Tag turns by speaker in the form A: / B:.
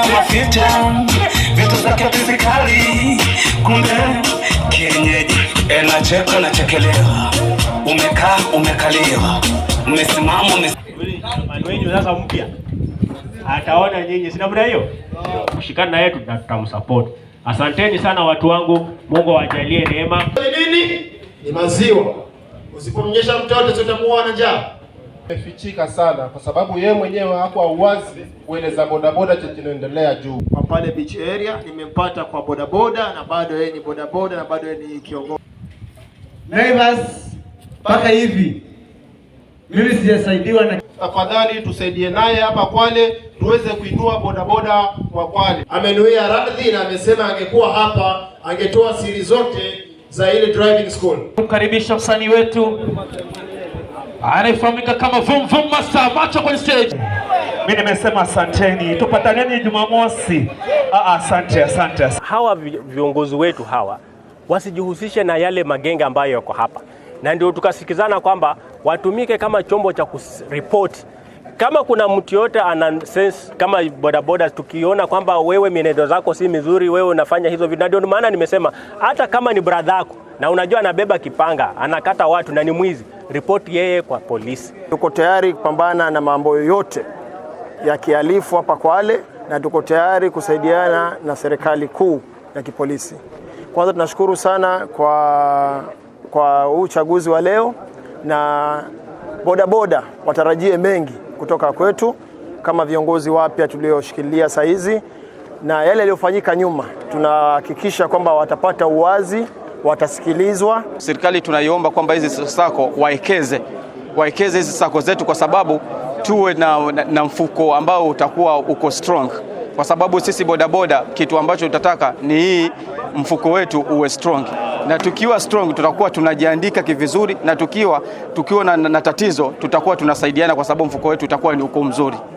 A: ya mafita vitu zake fizikali, kumbe kienyeji. Enacheka eh, na chekelewa, umekaa umekaliwa, mmesimama sasa mpya ataona nyinyi, sina muda hiyo kushikana naye, tutamsupport. Asanteni sana watu wangu, Mungu awajalie neema.
B: Nini ni maziwa, usipomnyesha mtoto utamuona njaa.
C: Imefichika sana kwa sababu yeye mwenyewe hakuwa uwazi kueleza bodaboda cha kinaendelea juu
D: kwa pale beach area. Nimempata kwa bodaboda na bado yeye ni bodaboda na bado yeye ni kiongozi.
E: Neighbors, mpaka hivi mimi sijasaidiwa na
F: afadhali tusaidie naye hapa Kwale tuweze kuinua bodaboda kwa Kwale.
G: Amenuia radhi na amesema angekuwa hapa angetoa siri zote za ile driving school.
H: Kumkaribisha msanii wetu anayefahamika kama Vum Vum Master, macho kwenye stage.
I: Mimi nimesema asanteni, tupataneni Jumamosi. Ah, ah asante, asante.
J: Hawa viongozi wetu hawa wasijihusishe na yale magenge ambayo yako hapa, na ndio tukasikizana kwamba watumike kama chombo cha kuripoti kama kuna mtu yote ana sense kama bodaboda, tukiona kwamba wewe mienendo zako si mizuri, wewe unafanya hizo vitu. Na ndio maana nimesema hata kama ni bradhako na unajua anabeba kipanga anakata watu na ni mwizi ripoti yeye kwa polisi.
K: Tuko tayari kupambana na mambo yote ya kihalifu hapa Kwale na tuko tayari kusaidiana na serikali kuu ya kipolisi. Kwanza tunashukuru sana kwa kwa uchaguzi wa leo, na bodaboda watarajie mengi kutoka kwetu kama viongozi wapya tulioshikilia saa hizi, na yale yaliyofanyika nyuma tunahakikisha kwamba watapata uwazi watasikilizwa.
L: Serikali tunaiomba kwamba hizi sako waekeze, waekeze hizi sako zetu, kwa sababu tuwe na, na, na mfuko ambao utakuwa uko strong, kwa sababu sisi bodaboda kitu ambacho tutataka ni hii mfuko wetu uwe strong na tukiwa strong tutakuwa tunajiandika kivizuri, na tukiwa tukiwa na, na tatizo tutakuwa tunasaidiana, kwa sababu mfuko wetu utakuwa ni uko mzuri.